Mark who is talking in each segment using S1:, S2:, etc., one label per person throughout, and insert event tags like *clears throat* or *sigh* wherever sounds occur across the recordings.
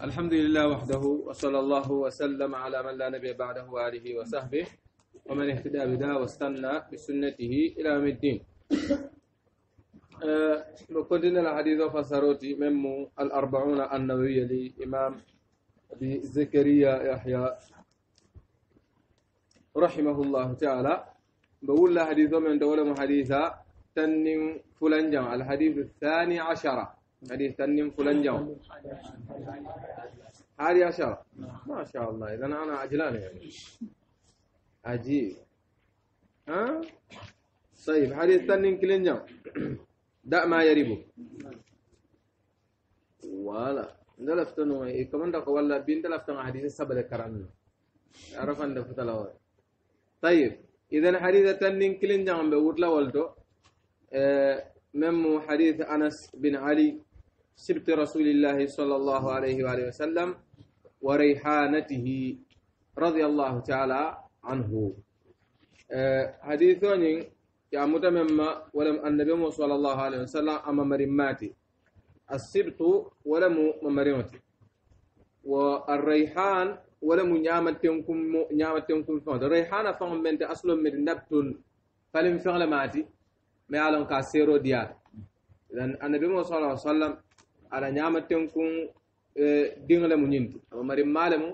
S1: الحمد لله وحده وصلى الله وسلم على من لا نبي بعده وآله وصحبه ومن اهتدى بدا واستنى بسنته إلى يوم الدين آه، نقدنا الحديث فسروتي من الأربعون النووية لإمام أبي زكريا يحيى رحمه الله تعالى بقول الحديث من دولة محديثة تنم فلنجم الحديث الثاني عشرة حديث تنم فلان جو هذه عشرة ما شاء الله إذا أنا عجلان يعني عجيب ها طيب حديث تنم كلين جو *coughs* دع ما يريبو ولا ده إيه كمان ده ولا بين دلفتنا حديث السبب الكرام عرف أن طيب إذا حديث تنم كلين جو بقول لا ولدو آه، مم حديث أنس بن علي سبت رسول الله صلى الله عليه وآله وسلم وريحانته رضي الله تعالى عنه آه، حديثون يا متمم ولم النبي صلى الله عليه وسلم أما مرماتي السبت ولم مرمتي والريحان ولم نعمتكم نعمتكم فند الريحان فهم من أصل من نبت فلم فعل ماتي ما يعلم كاسيرو ديال لأن النبي صلى الله عليه وسلم ala ñama tenkun dingle mu ñintu aba mari male mu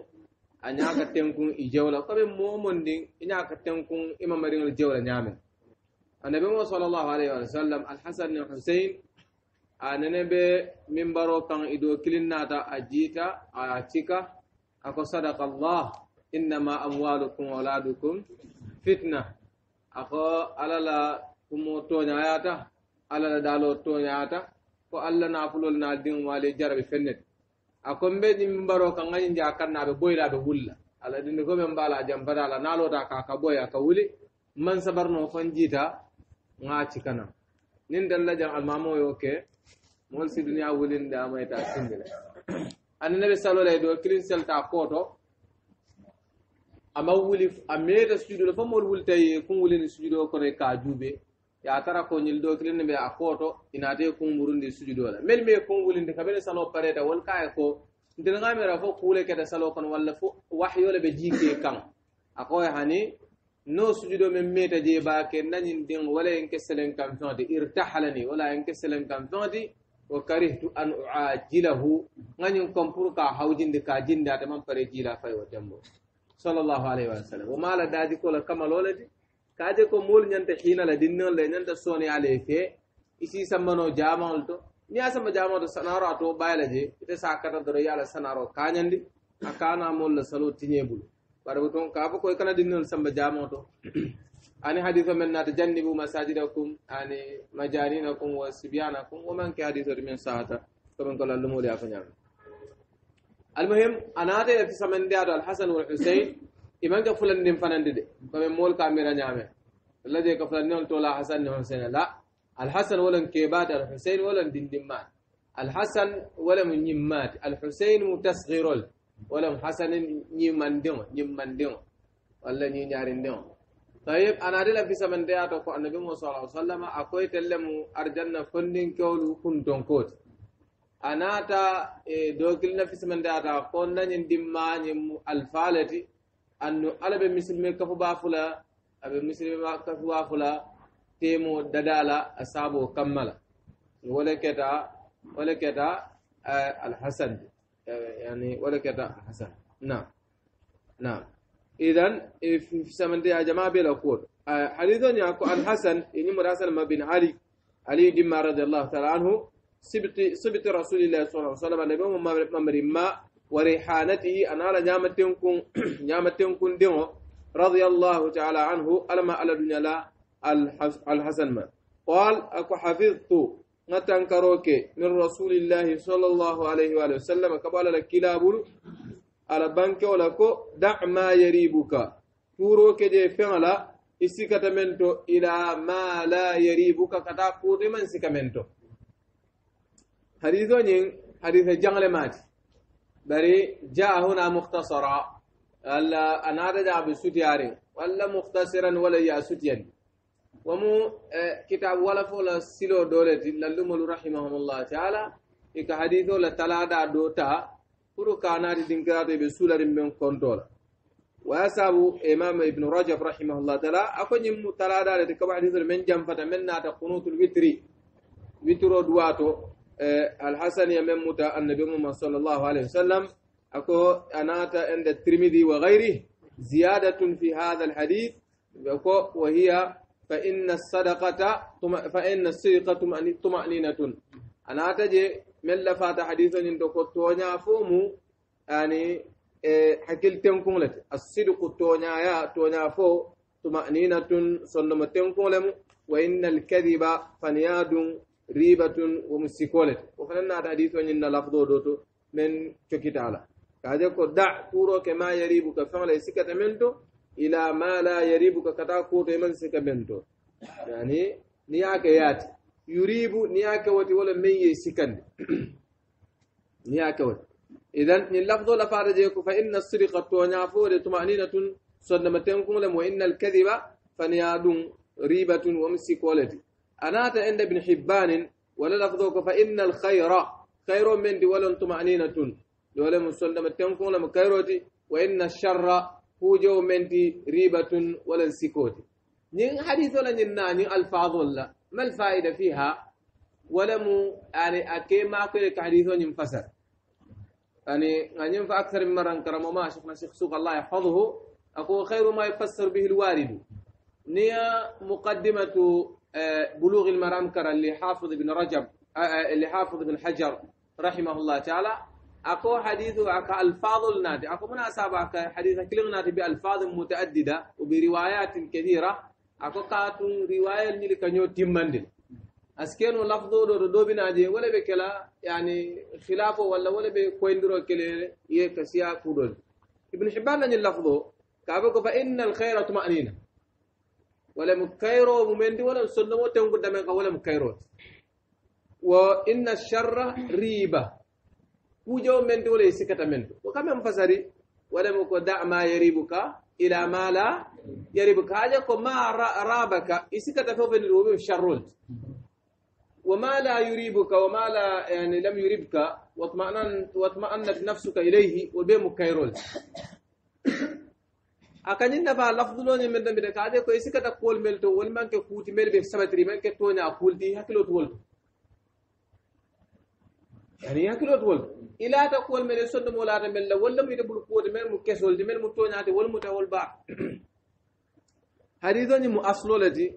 S1: a ñaka tenkun i jewla koɓe momon ndin i ñaka tenkun ima maringal jewla ñamen annabi mo sallllahu alayhi wa sallam alhasan ne husein a nene ɓe mimbaro kan ido kilinnata a jiita a cika ako sadaka llah innama amwalukum auladukum fitna ako alala kumo toñayata alala dalo toñayata ko allah nafulol na diŋo ma le jarabe fennete a ko mbe ɗin mbaro ka ŋañi je a kanna aɓe ɓoyla aɓe wulla ala ɗinde ko ɓen mbala jampata ala nalota ka ka ɓoya ka wuli man sabarno fon jiita ŋa cikana nin dalla jam almamo yo ke mol si duniya wulinde amayta sindire ani nabi salolay ɗo kiristel ta koto ama wuli a meeta sujudo le fo mol wultay kun wulini sujudo kono ka juuɓe ya tara ko ñil do kilin be a foto inate kumburundi sujudo la mel me kumbulinde kabele salo pareta wol kaye ko ndin ngamira fo kuule kete salo kono walla fo wahyole ɓe jiike kan akoye hani no sujudo men meta je baake nañin ɗin wala en kesselen kam fewti irtahalani wala en kesselen kam fewti wa karihtu an uajilahu gañin kon pour ka hawjinde ka jindate man pare jiila fay o tembo sallllahu alayhi wa sallam wo maala daaji kola kamalole di kaje ko moolu ñanta xiinala dinnol le ñanta sooneyale fee isi sammano jamaol to ni a sama jamaol to sanaro a to bayla je ite sa kata doro ye ala sanaro kañandi a kana la salo tiñebulu bara ko kana dinnol samba jamaol to ani hadise men naata jannibu masajidakum ani majarinakum wa sibyanakum womanke hadisoti men sahata komin kola lumoli a fo ñami almuhim a naata yeti samen nde ato alhasan iman ka fulan nin fanandi de kome mool kamira ñaame walla de ka fulan niol tola hasan ni husain la alhasan wolan kebaati alhusain wolan dindimmaati alhasan wolam ñimmaati alhusain mu tasgirol wolam hasani ñimandiŋo ñimmandiŋo walla ñiñaarindiŋo tayib anaade la fisamandeya to ko annabi mu sala sallama a koye telle mu arjanna fondinkewolu kuntonkooti anaata dokilna fisamandeya ta ko nañin dimmañin alfaaleti andu ala ɓe misilme kafu ba fula aɓe misilme kafu ba fula temo dadala a sabo kammala wala keta wala keta alhasan yani wala keta alhasan na na idan samante a jama'a bela kuwoto حديثني أكو عن حسن إني مراسل ما بن علي علي جمع رضي الله تعالى عنه سبت سبت رسول الله صلى الله عليه وسلم لبهم ما مري ما وريحانته أنا لجامتنكم جامتنكم دمو رضي الله تعالى عنه ألم على الدنيا لا الحسن ما قال أكو حفظت نتنكروك من رسول الله صلى الله عليه وآله وسلم كبال الكلاب على بنك ولكو دع ما يريبك توروك جي فعلا إسكتمنتو إلى ما لا يريبك كتا فوت من سكمنتو حديثو نين حديث جنغل ماتي بري جاء هنا مختصرا الا أنا رجع بسوتياري ولا مختصرا ولا يا سوتيان ومو آه، كتاب ولا فولا سيلو دولت للمول رحمهم الله تعالى إك حديثو دا دوتا فرو كرو كاناري دينكراتي بسولارين من كنترول وأسابو إمام ابن رجب رحمه الله تعالى اكو تلا دا دي كبا حديثو من جام فتا من ناتا قنوت الوتري وترو دواتو الحسن يمن متى النبي محمد صلى الله عليه وسلم أكو أنات عند الترمذي وغيره زيادة في هذا الحديث اكو وهي فإن الصدقة فإن الصدقة طمأنينة أنا تجي من لفات حديثا عندك تونيا فومو يعني hakilten kuŋolete assidiku toñaya toña تونيا فو sondomo ten kuŋolemu wa وإن الكذب فنياد ribatun womsikolet wo fana naata hadiso ñinna lafdo do to men cokitala kaje ko da kuroke ma yaribuka feŋla e sikkata men to ila ma la yaribuka kata kuto e man sika men to yani ni yake yaati yuribu ni yake wati wala men ye sikande ni yake wati idan ni lafdo la fara je ko fa inna sirqa toña fore tumaninatun sonnamaten kumolem wa inna alkadiba faniya ɗum ribatun wom sikoleti أنات عند ابن حبان ولا فإن الخير خير من دي ولن طمأنينة ولا مسلمة تنقل مكيروتي كيروتي وإن الشر هو جو من دي ريبة ولن سكوتي نين حديث ولا نين ألفاظ ولا ما الفائدة فيها ولم يعني أكي ما كل حديث ينفسر يعني ينفع فأكثر من مرة كرم ما شيخنا شيخ سوق الله يحفظه أقول خير ما يفسر به الوارد نيا مقدمة بلوغ المرامكر اللي حافظ ابن رجب آه، آه، اللي حافظ ابن حجر رحمه الله تعالى اكو حديث اكو الفاظ النادي اكو من اسابك حديث كل نادي بالفاظ متعدده وبروايات كثيره اكو كات روايه اللي كانوا تمند اسكنوا لفظ دور دو بنا دي ولا بكلا يعني خلافه ولا ولا بكوين درو كلي يكسيا كودول ابن حبان اللفظه كابوكو فان الخير طمانينه ولا مكيرو ممندي ولا سنمو تنقل دمك ولا مكيرو وإن الشر ريبا وجو مندي ولا يسكت مندي وكما مفسري ولا مكو دع ما يريبك إلى ما لا يريبك هاجك ما رابك يسكت فوفن الوبي شرولت وما لا يريبك وما لا يعني لم يريبك واطمأنت واطمأنت نفسك إليه وبمكيرول akanin na ba lafdulo ne men dambe ka de ko isi kata kol mel to wol manke kuti mel be sabatri men ke tonya kul di hakilo to wol yani hakilo to wol ila ta kol mel so do mola ta mel wol dum yidul ko de mel mu kesol de mel mu tonya de wol mu ta wol ba hadithu ni mu aslolati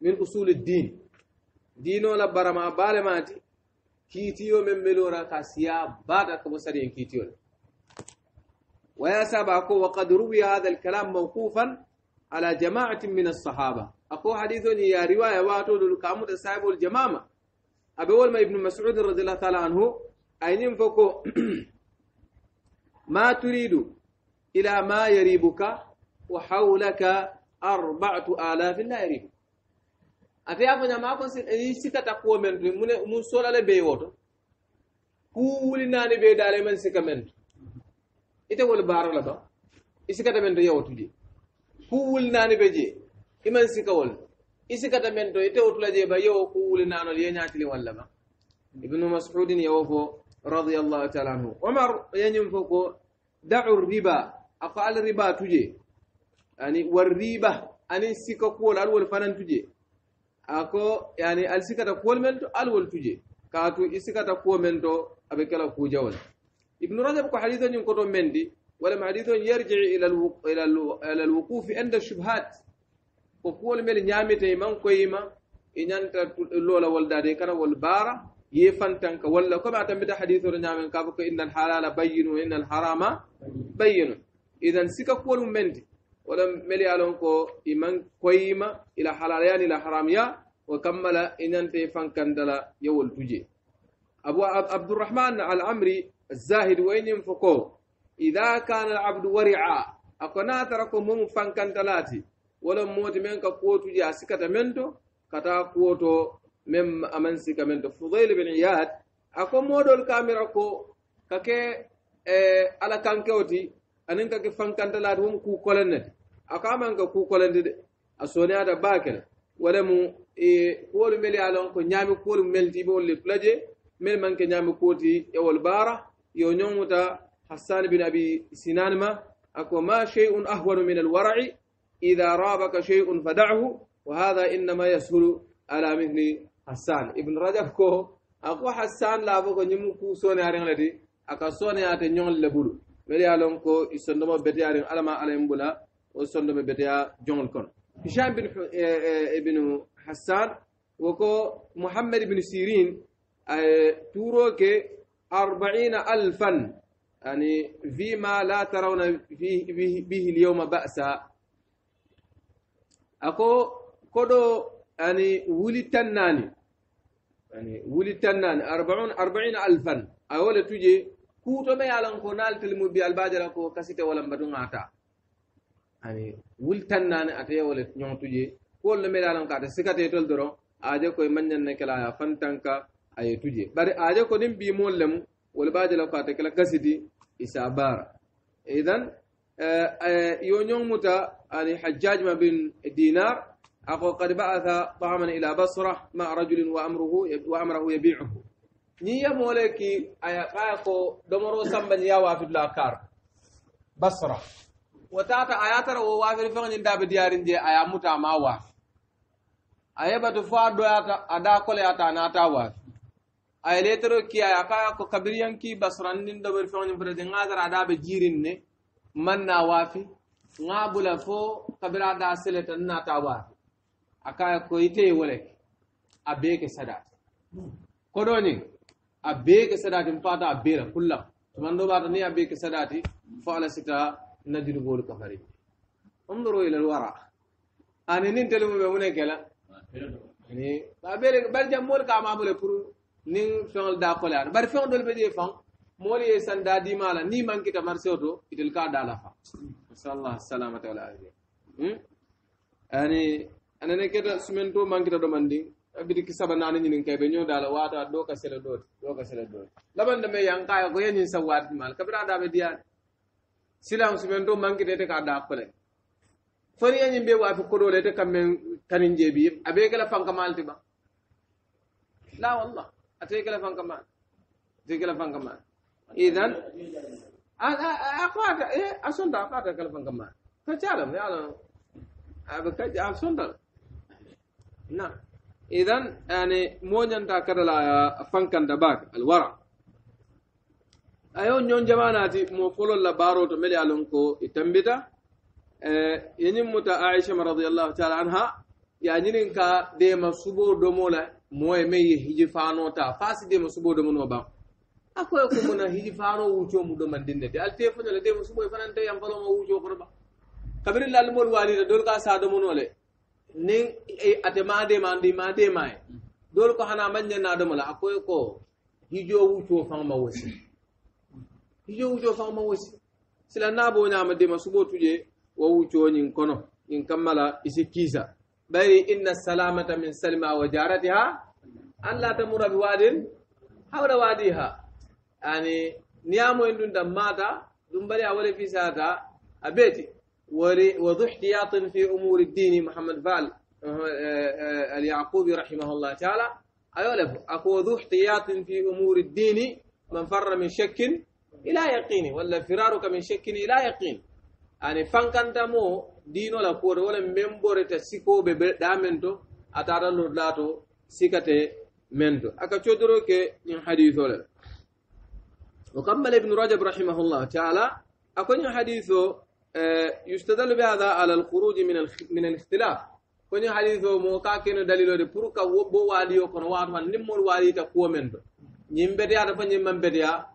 S1: min usul din dino la barama balemati kitiyo men melora ka siya bada ko sarin kitiyo ويا سابا أكو وقد روي هذا الكلام موقوفا على جماعة من الصحابة أكو حديث يا رواية واتو للكامو السايب والجمامة أبي ما ابن مسعود رضي الله تعالى عنه أين فكو *clears throat* ما تريد إلى ما يريبك وحولك أربعة آلاف لا يريبك ate afanya mako sikata kuwo men mun sola le be woto ku wuli nani be dale men ite wol baaro la kan isikata men to yawotu je kuwul naani be je iman sikawol isikata men to ite wotula je ba yewo kuwuli naanol ye ñaatili walla ma ibnu masudin yewo ko taala anhu omar yeñum foko ko riba ako riba tuje ani war riba anin sika kuwol alwol fanan tuje ako yani al sikata kuwol men to alwol tuje kaatu isikata kuwo men to aɓe kela kuujawol ابن رجب كحديث ينكر مندي ولم حديث يرجع إلى الوقوف إلى, الوقوف عند الشبهات وقول مل نعمتي من كويما إن أنت لولا والدادي كان والبارة تنك ولا كما تمت حديث نعم كافك إن الحلال بين وإن الحرام بين إذا سيك قول مندي ولم ملي ألونكو إمن كويما إلى حلال يعني إلى حرام يا وكمل إن أنت فان كندلا يول تجي أبو عبد الرحمن العمري الزاهد وين ينفقو إذا كان العبد ورعا أكنا تركو مم فانكن تلاتي ولا موت من كقوتو جا سكتا منتو كتا قوتو من أمن سكا منتو فضيل بن عياد أكو مودول كاميرا كو كاكي ala kankewti anin kake fankantalaati won kukolen neti aka manka kukolendi de a soniyata baakele wala mu kuwolu meli ye a lon ko ñaami kuwolu melti ibe wolu le fula je mel manke ñaami kuwoti e wol baara يونيومتا حسان بن أبي سنان ما أكو ما شيء أهون من الورع إذا رابك شيء فدعه وهذا إنما يسهل على مثل حسان ابن رجب كو أكو حسان لا بكو نمكو سوني عرين لدي أكا سوني آتي نيون لبولو ملي علم كو يسندما بتي عرين ألما علم بولا وسندما بتي جون كون هشام بن ابن حسان وكو محمد بن سيرين تورو كي أربعين ألفا يعني فيما لا ترون فيه به, به اليوم بأسا أكو كدو يعني ولي تناني يعني ولي تناني أربعون أربعين ألفا أولا تجي كوتو ما يعلن كونال تلمو بي البادر أكو كسيت ولا مبدون عطا يعني ولي تناني أتيا ولا نيون تجي كل ما يعلن كاتا سكتي تلدرو أجي كوي منجن نكلا فانتنكا aye tuje bari aje ko nin bimol lemu wala baje law kata kala gasidi isa bara idan eh, eh, yo ñomuta ani hajjaj ma bin dinar أقول قد بعث طعما إلى بصرة مع رجل وأمره وأمره يبيعه نية مولكي أيقاكو دمرو سمبن يا وافد لاكار بصرة وتاتا آياتر ووافد فغن داب ديارين دي آيامتا ما واف أيبا تفاد دوياتا أدا كل ياتا ناتا واف aye letre ki aye aka ko kabiriyanki basranndin ɗoɓer feoñi pretete ga darada ɓe jirin ne manna waafi ga bula fo kabirada sele tan nata waafi aka ko yitee woleke a beeke sadate koɗoni a beeke sadati mi fata a beera kullam tuman ɗoɓata ni a beeke sadati fo ala sita nadirgolu kafari omdoro ilal wara ani nin telemuɓe mune kela ni ɓa ɓere ɓer jam mori ka mabule pour niŋ feŋol daa koleyaata bari feŋo dolu be jee faŋ moolu ye san daa diimaa la niŋ maŋ kita mariseo to itel ka daa la faŋ nasallah salamata wala afia ani anene keta semaine to maŋ kita domandiŋ bitiki saba naani ñiniŋ kay be ñoo daa la waata doo ka sele dooti doo ka sele dooti laban dame yankaayo ko ye ñiŋ sa waati maal kabira daa be diyaari silaŋ semaine to maŋ kita ite ka daa kole foni ye ñiŋ be waafi kodoo le ite kaŋ meŋ kanin jeebi a bee ke la faŋ kamaal ti baŋ la wallah أتيكلا فان كمان أتيكلا فان كمان إذن أقوات إيه أصلا أقوات كلا فان كمان كتعلم يعلم أبكج أصلا نعم إذن يعني موجن تاكرلا فان كان دباك الورع ayo ñon jamanati mo folol la baroto mele alon ko e tambita e yeñimmuta aicha radiallahu taala anha ya ñinin ka dema moye meye hiji fanota fasidema suɓoɗo mun o ɓan akoye ko mona hiji fano wuco mu ɗoman dinnete alte fanala dema suɓoye fananta yam faloma wuco koto ɓa kabiri lalmol walida dol ka sadomonole nin ate madema andi madema e dol ko hana mañanadomola akoye ko hijo wuco fanma wosi hijo wuco fanma wosi sila naboñama dema suɓo tuje wo wucoñin kono in kammala isi kiisa بل إن السلامة من سلمى وجارتها أن لا تمر بواد حول واديها يعني نيامو إن دون ماتا دون بلي أولي في ساتا أبيتي وذو احتياط في أمور الدين محمد فال اليعقوبي رحمه الله تعالى أيولف أكو ذو احتياط في أمور الدين من فر من شك إلى يقين ولا فرارك من شك إلى يقين يعني فان كان مو dino la kuwoto wo le meŋ borita sikoo be daamen to a taata lotulaa to sikate men to a ka codoro ke ñiŋ hadiso le la wo kammala ibnu rajab rahimahullahu taala a ko ñiŋ hadiso yustadalu bihada ala alkhuruji min alikhtilaf ko ñiŋ hadiso moo ka keno dalilo de pour ka wo bo waaliyo kono waato fan niŋ moolu waaliyita kuwo men to ñiŋ beteyaata fo ñiŋ maŋ beteya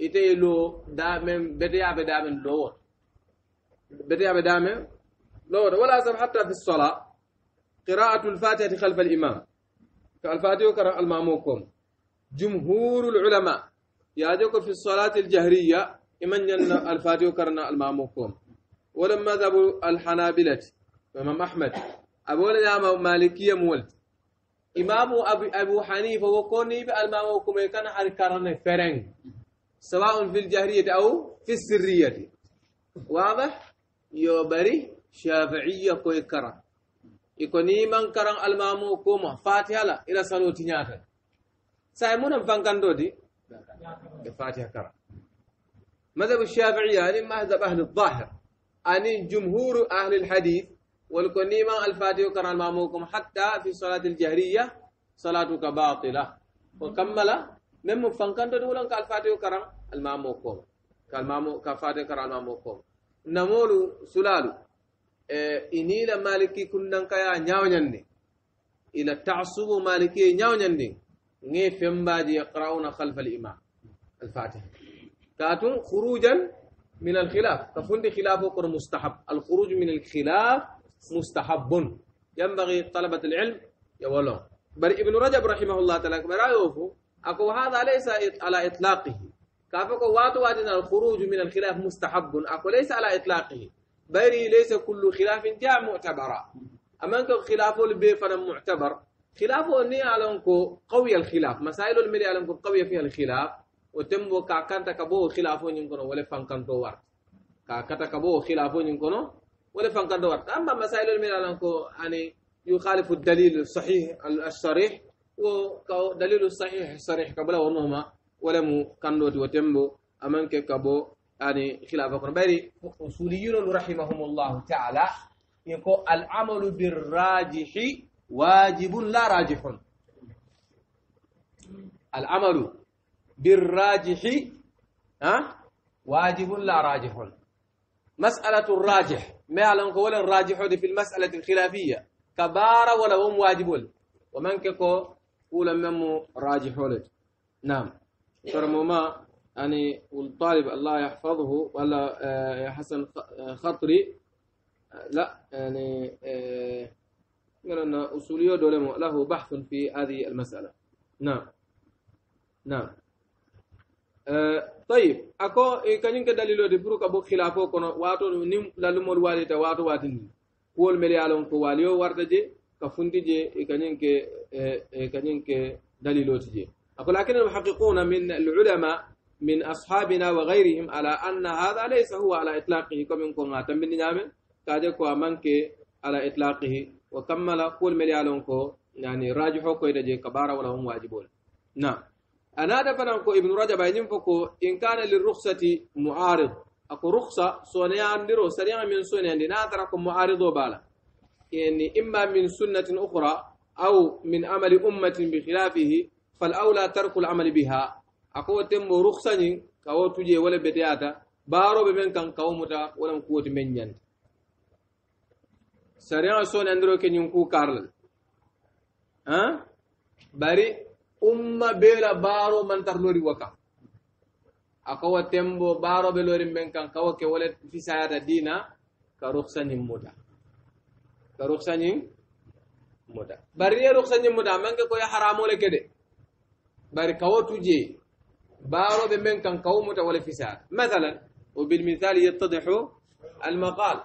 S1: ite ye loo daamen beteyaa be daamen loo woto beteyaa be daamen لورا ولا سب حتى في الصلاة قراءة الفاتحة خلف الإمام كالفاتحة قرأ الماموكم جمهور العلماء يادوك في الصلاة الجهرية إمن جن الفاتحة قرأ الماموكم ولما ذهبوا الحنابلة إمام أحمد أبو يا مالكية مولد إمام أبو, أبو حنيفة وكوني بالماموكم كان حركرن فرنج سواء في الجهرية أو في السرية واضح يو بري شافعية كو كرا يكوني من كران المامو كوما فاتحة لا إلى صلو تنياتا سايمون فانكان دودي الفاتحة كرا مذهب الشافعية يعني مذهب أهل الظاهر أن يعني جمهور أهل الحديث والكوني من الفاتحة كرا المامو كوما حتى في صلاة الجهرية صلاتك باطلة وكمل من فانكان دودي ولن كالفاتحة كرا المامو كوما كالمامو كفاتحة كرا المامو كوما نمولو سلالو إني مالكي كنن كايا نياونياني إلى تعصب مالكي نياونياني ني فيم باجي يقرؤون خلف الإمام الفاتح كاتو خروجا من الخلاف كفندي خلافه كر مستحب الخروج من الخلاف مستحب ينبغي طلبة العلم يا ولو بر ابن رجب رحمه الله تعالى برايوه أكو هذا ليس على إطلاقه كافكو واتو الخروج من الخلاف مستحب أكو ليس على إطلاقه بري ليس كل خلاف جاء معتبرا أما أنك خلاف البي فلا معتبر خلاف أني على أنكو قوي الخلاف مسائل الملي على أنكو قوية فيها الخلاف وتم وكاكانتا كبو خلافه ينكونو ولا فانكانتو وارد كاكاتا كبو خلافه ينكونو ولا فانكانتو وار أما مسائل الملي على أنكو يعني يخالف الدليل الصحيح الصريح ودليل الصحيح الصريح قبل ونهما ولم كان وتمبو أمانك كبو يعني خلاف خلافكم بري أصوليون رحمهم الله تعالى يقول العمل بالراجح واجب لا راجح العمل بالراجح ها واجب لا راجح مسألة الراجح ما يعلم قول الراجح دي في المسألة الخلافية كبار ولا هم واجب ومن كقول قول من راجح نعم شرمو ما يعني والطالب الله يحفظه ولا يا آه، حسن آه، خطري آه، لا يعني غير أن أصولي دولمو له بحث في هذه المسألة نعم نعم طيب أكو كان ينكر دليل دي برو خلافه كنا واتو نيم لالمور والي واتو واتين كول ملي علم كو واليو وارتجي كفنتي جي كان ينكر كان ينكر دليل أكو لكن المحققون من العلماء من أصحابنا وغيرهم على أن هذا ليس هو على إطلاقه كم يمكن أن من نعمل كاديكو أمانك على إطلاقه وكمل قول مليالونكو يعني راجحو كو يدجي كبارة ولهم واجبون نعم أنا دفنانكو ابن رجب ينفكو إن كان للرخصة معارض أكو رخصة سونيا عندرو سريعا من سونيا لناثركم معارض بالا يعني إما من سنة أخرى أو من عمل أمة بخلافه فالأولى ترك العمل بها ako temmo ruhsañin kawo tuje wala baro baaroɓe men kan kawo muta walan kuwoti men ñanta sariya soni andiro ke ñin ku karlal bari umma beela baaro mantar lori waka akawa tembo baaroɓe lori men kan kawo ke wala fisayata dina ka ruhsañin muta ka ruhsañin muta bari ye ruhsañin muta manke koye haramole kede bari kawo tuje بارو بمن كان قوم ولا فساد مثلا وبالمثال يتضح المقال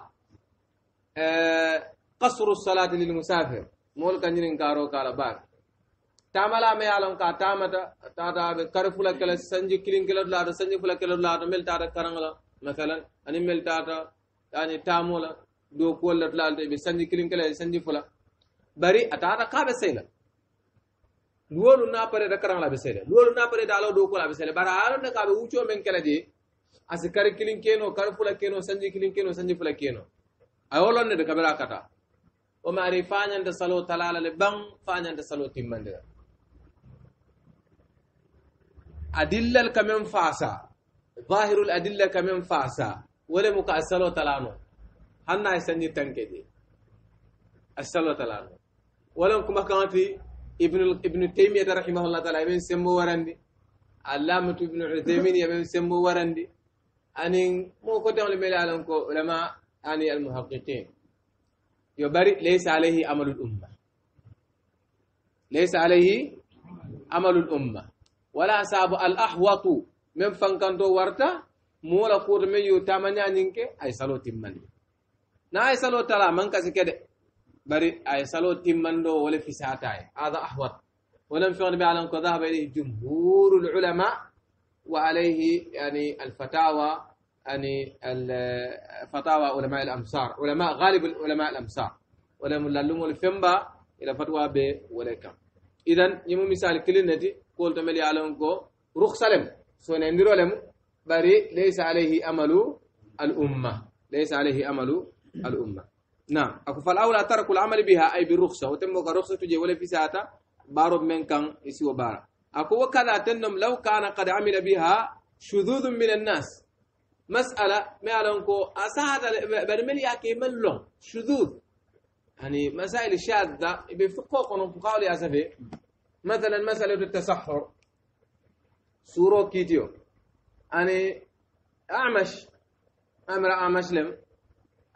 S1: قصر الصلاة للمسافر مول كان ينكارو كالا باك tamala me yalon ka tamata tata be karfula kala sanji kilin kala la da sanji fula kala la da mel tata karangala masalan ani mel tata ani tamola do ko la la be sanji kilin kala sanji fula bari atata ka be sayla luwolu na pare rakaraŋo la be sele luwolu na pare daalo doo kola be sele bari a lon ne ka be wuccoo meŋ kela je asi kari kiliŋ keno kari fula keno sanji kiliŋ keno sanji fula keno a wo lon ne de kabira kata wo ma ari fañanta saloo tala la le baŋ fañanta saloo timmandi la adillal ka meŋ faasa zahirul adilla ka meŋ faasa wo le mu ka a saloo tala no haŋ na ye sanji tanke je a saloo tala no wo len kumakaŋo ti ibnu ibnu taymiyata rahimahullah taala eɓen sembo warandi allamatu ibnu utaymin eɓen sembo warandi anin mo kotemle mele alan ko ulama ani almuhaqiqin yo bari laysa alayhi amalul umma laysa alayhi amalul umma wala saabu al ahwatu min fankanto warta mowola kuuto men yo tamañañinke ay salo timmandi na ay salo tala man kasi kede bari ay salo timmando wala fisataye hada ahwat ولم يكن بيعلم ذهب إليه جمهور العلماء وعليه يعني الفتاوى يعني الفتاوى علماء الأمصار علماء غالب علماء الأمصار ولم للم الفنبا إلى فتوى ب ولا كم إذن يمو مثال كلنتي قلت ملي علم كو روح سلم سوين اندرو لم بري ليس عليه أمل الأمة ليس عليه أمل الأمة نعم أكو فالأولى ترك العمل بها أي بالرخصة وتم رخصة تجي ولا في ساعة بارب من كان يسوى بارا أكو وكذا تنم لو كان قد عمل بها شذوذ من الناس مسألة ما لونكو أساعد برمل أكي من شذوذ يعني مسائل الشاذة بفقوق يا لأسفه مثلا مسألة التسحر سورو كيتيو يعني أعمش أمر أعمش لم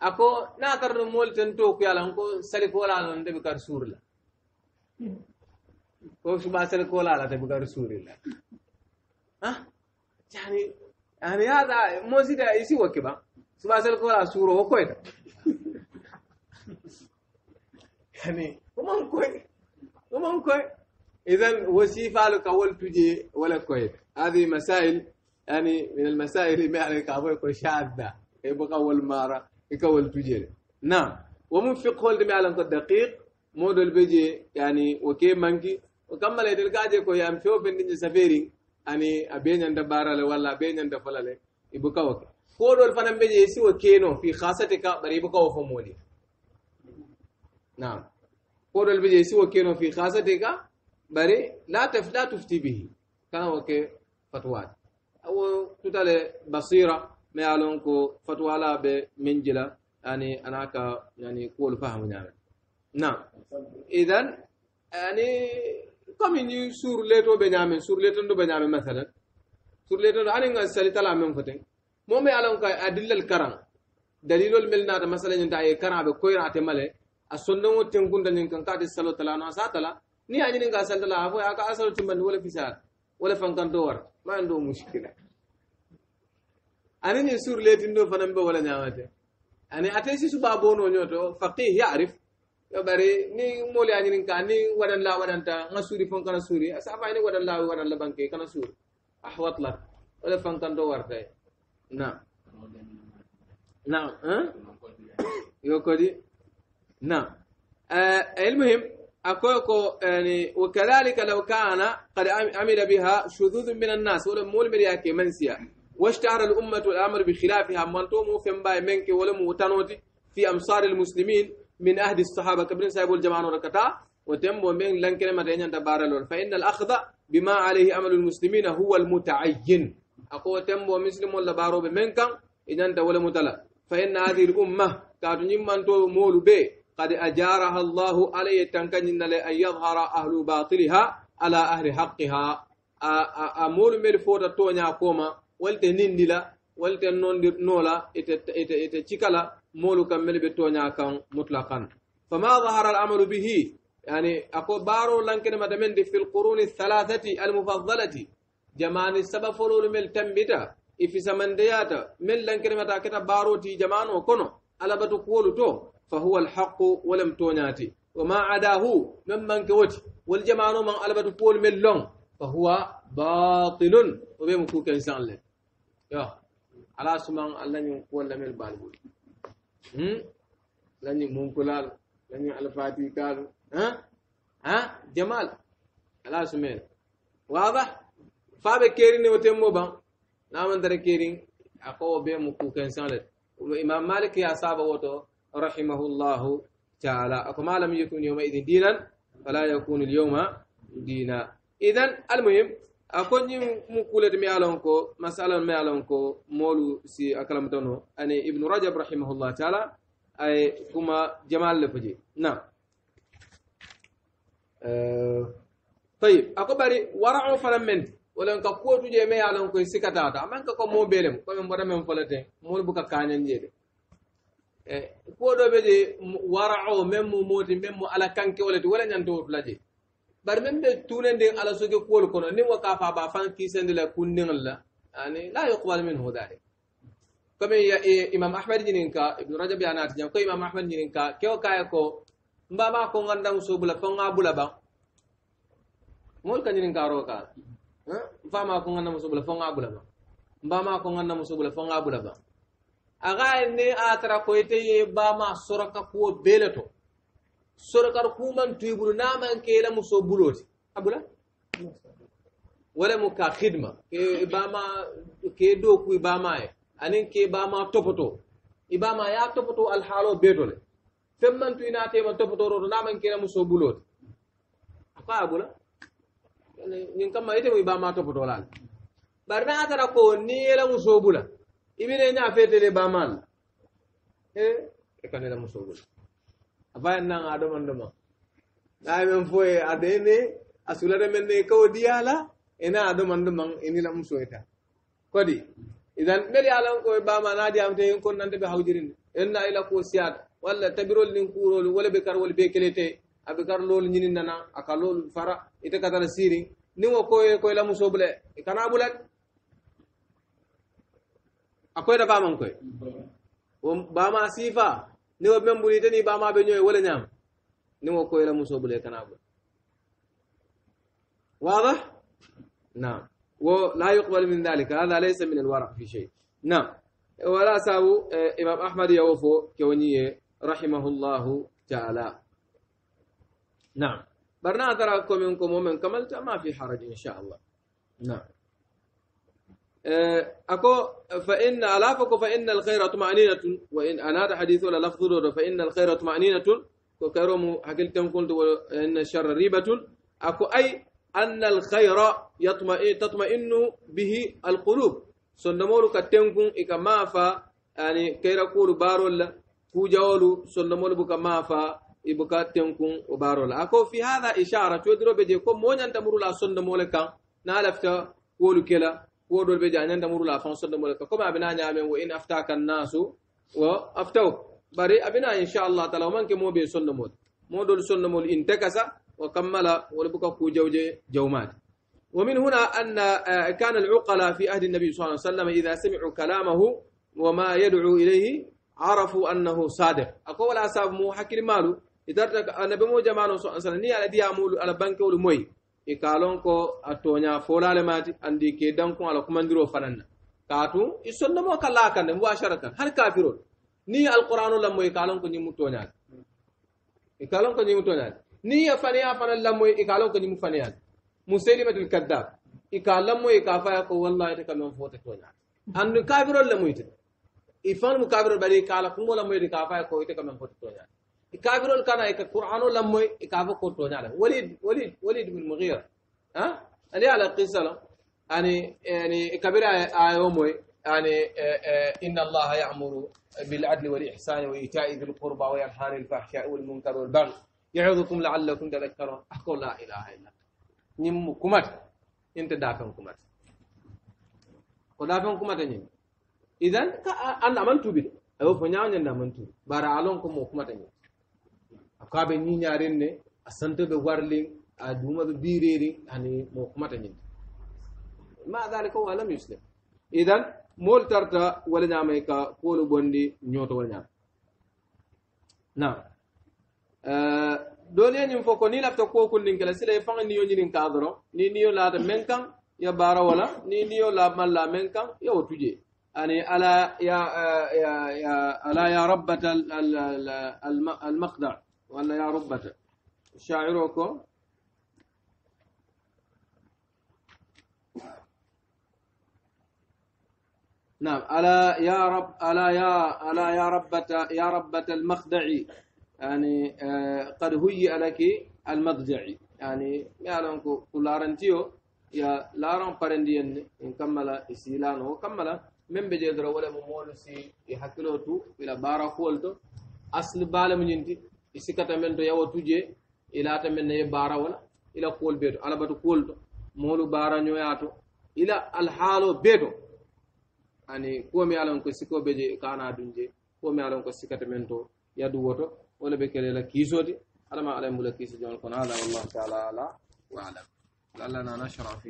S1: ako na kar no mol ten to ko yalan ko sari ko la non debi kar sur la ko su ba sari ko la la debi kar sur la ha jani ani ya da mo si da isi wo ke ba su ba sari ko la sur ko koyta yani kuma koy kuma koy اذا وسيفالك ولتجي ولا كويت هذه مسائل يعني من المسائل اللي ما عليك ابوك وشاذه يبقى اول مره يكون تجيري نعم ومن فقه ولد على دقيق مودل بيجي يعني وكيف مانكي وكمل يدل قاعد يكو يام يعني فيو بندين سفيري أني يعني أبين عند بارا ولا أبين عند فلا يبقى وكي كودول الفن بيجي يسي وكينو في خاصة كا بري يبقى وفمولي نعم كودول البيجي يسي وكينو في خاصة كا بري لا تف لا تفتي به كان وكي فتوات أو تتالي بصيرة ما يعلون كو فتوى لا بمنجلة يعني أنا كا يعني كول فهم يعني نعم إذن يعني كم يني سور ليتو بنيامين سور ليتو دو بنيامين مثلا سور ليتو أنا إنغا سالتا لا من فتن مو ما يعلون كا أدلة الكرم دليل الملنا مثلا ينتا يكرم بكوير أتمله السنة تنكون دلين كان كاتي سلو تلانا ساتلا ni a ñinin ka saltala a fo a ka asalo timbandi wala fisaar wala fankanto war ma do muskila أنا نسور ليت إنه فنان بولا نعمته أنا أتيسي سبا بونو نيوتو فقيه يعرف يبري ني مولي أني نكاني ودان لا ودان تا نسوري فن كان سوري أسافا إني ودان لا ودان لا بانكي كان سور أحوط لك ولا فن كان دو ورتاي نعم نعم ها يو كودي نعم آه المهم أكوكو يعني وكذلك لو كان قد عمل بها شذوذ من الناس ولا مول مرياكي منسيا واشتهر الأمة الأمر بخلافها منتوم فين باي منك ولا موتانوتي في أمصار المسلمين من أهد الصحابة كبرين سايب الجماعة وركتا وتم ومن لن كلمة رينيان تبارلون فإن الأخذ بما عليه أمل المسلمين هو المتعين أقوى تم ومسلم ولا بارو بمنك إن ولا متلا فإن هذه الأمة كاتنين نمان تو مول بي قد أجارها الله علي تنكنين لأن يظهر أهل باطلها على أهل حقها أمول مير تونيا كوما walte nindi la wolte nondir nola ite ite ite cikala molu kammel be toña kan mutlaqan fama dhahara al'amalu bihi yani ako baro lankene madamendi fi lquruni althalathati almufaddalati jamani saba fololu mel tambita ifi samandeyata mel lankene mata keta baro ti jamano kono alabatu kuwolu to fahuwa alhaqu walam toñati wama adahu men manke woti wal jamano man alabatu kuwolu mel long fahuwa batilun obe mu kuken sanle yo ala suman alla ñin kuwol lamel baal bul lañi munkulaalu lañi alfatikaalu ha jamal ala sumel waaba faaɓe keerin o temmo ban namantara keerin a kowo be mu kuken sanlet imam malik ya saba woto rahimahullahu taala ako ma lam yakun yawma idin dinan fala yakunu lyawma dina idan almuhim akon ñiŋ mu kuleti mi ye a loŋ ko masalan mi ye a loŋ ko moolu si a kalamata no ani ibnu rajab rahimahullah taala a ye kuma jamal le fo je na tayib a ko bari warao fanaŋ menti wo leŋ ka kuwotu je mi ye a loŋ koy sikataata amaŋ ka ko moo bee lem komi mbota meŋ fo le teŋ moolu buka kaañaŋ je de kuwo do be je warao meŋ mu mooti meŋ mu ala kankewo le ti wo le ñanta wotu la je bari meŋ be tunendiŋ ala soke kuwolu kono niŋ wo kaa fo a be a faŋ kiisendi la kundiŋol la ani la yuqbal minhu dhalik comme imam ahmed ñinin ka ibnu rajab yanaati jam ko imam ahmed ñinin ka kewo kaye ko mbama ko ngandaŋ so bula fo ŋa bula baŋ moolu ka ñinin kaaro kaa mfama ko ngandaŋ so bula fo ŋa bula baŋ mbama ko ngandaŋ so bula fo ŋa bula baŋ a ŋa ye niŋ a tara ko ite ye bama soroka kuwo bee le to sorokar kuman tuyi bulu naman ke muso buloti abula wala mu ka khidma ke ibama ke do ku ibama e anin ke ibama topoto ibama ya topoto al halo betole femman tuyi te man topoto ro naman ke la muso buloti aka abula nin kamma ite mu ibama topoto lan barna atara ko ni la muso bula ibine nya fetele bamal e e muso bula afa nan a ɗoman ɗoma na men foye adene a sulata men ne kawo diyala ina a ɗoman ɗoman inila musoyta kodi idan mbeɗe alan koye bama naadi amte hen kon nante ɓe hawjirinde en na ila ko siyata walla tabirol nin kurol wala ɓe karwol be kelete aɓe kar lol ñininnana aka lol fara ite katana sirin nin o koye koye la muso bule e kana bulat a koyta faman koye bama siifa ni wo men buri tani ba ma be nyoy wala nyam ni wo muso bule kana bu واضح نعم ولا يقبل من ذلك هذا ليس من الورع في شيء نعم ولا ساو امام احمد يوفو كونيه رحمه الله تعالى نعم برنا تراكم منكم ومن كملت ما في حرج ان شاء الله نعم أه، أكو فإن ألافكو فإن الخير طمأنينة وإن أنا هذا حديث ولا لفظ فإن الخير طمأنينة وكرم حكيتم كنت وإن الشر ريبة أكو أي أن الخير يطمئن تطمئن به القلوب سنمولو كتنكم إكا ما فا يعني كيرا كولو بارول كوجاولو سنمولو بكا ما فا إبكا تنكم وبارول أكو في هذا إشارة تودرو بديكم مون أنت لا سنمولو كان نالفتا كولو كلا ودول بيجا عن عند مرو لافون صد مولك كما بنا نعمه وإن أفتاك الناس وأفتو بري أبنا إن شاء الله تعالى من كمو بي صد مول مودول صد مول ان تكسا وكمل ولبك كو جوجي جومات ومن هنا أن كان العقلاء في أهل النبي صلى الله عليه وسلم إذا سمعوا كلامه وما يدعو إليه عرفوا أنه صادق اكو ولا أصاب مو حكي مالو إذا النبي مو جمانو صلى الله عليه وسلم ني على ديامو على بنكول موي i ka lon ko a toña folale mati andi ke dankun ala kumandiro fanan na kaatu i sondomo ka laa kan de mubashara kan har kafirol ni alqur'anu lammo i ka lon ko ñimu toñaade i ka lon ko ñimu toñaade ni ye faniya fana lammo i ka lon ko ñimu faniyaade musaylimatul kadab i ka lammo i ka faya ko wallahi te ka lon fote toñaade andu kafirol lammo ite i fanmu kafirol bari i ka ala kumo lammo ite ka faya ko ite ka men fote toñaade كابرول كان إك القرآن لما إكافو كوتو نعلم وليد وليد وليد بن المغيرة ها اللي على قصة يعني يعني كبير آيومي يعني إن الله يأمر بالعدل والإحسان وإيتاء ذي القربى وينهى عن الفحشاء والمنكر والبغي يعظكم لعلكم تذكرون أقول لا إله إلا نيم كومات أنت دافن كومات ودافن كومات أنا أمنت بي أو أيوه، فنيا أنا أمنت بارا علونكم كومات akabe ni ñiñaren ne a be warling a be birere ani mo kumata ñinde ma dalika o alam yuslim idan mol tarta wala ñamay ka kolu bondi nyoto wala ñaam nam dooliye ñin fo ko ni lafta kookul nin kala sile fanga ni ñinin ka doro ni niyo la de menkan ya bara wala ni niyo la malla men kaŋ ya otuje ani ala ya ala ya rabbat al maqdar ولا يا ربته شاعركم نعم ألا يا رب ألا يا ألا يا ربته يا ربته المخدع يعني آه، قد هي لك المضجع يعني ما يالونك كلارنتيو يا لارون بارنديان إن كمل إسيلان هو من بجدر ولا مولسي يحكلوتو إلى بارا فولتو أصل بالمنينتي i e sikkata men to yawa tuje ilata e men naye bara wona ila kuwol be to alabatu kuwol to molu baarañoya to ila alhaalo be to ani kuwomi alan ko sikkoɓe je e kana dunje kuwomi alan ko sikkata men to yadu woto wole ɓe kelela kiisode alama alaybula kiisi jamal kono ala wallahu taala ala wa alam lallanana sharafi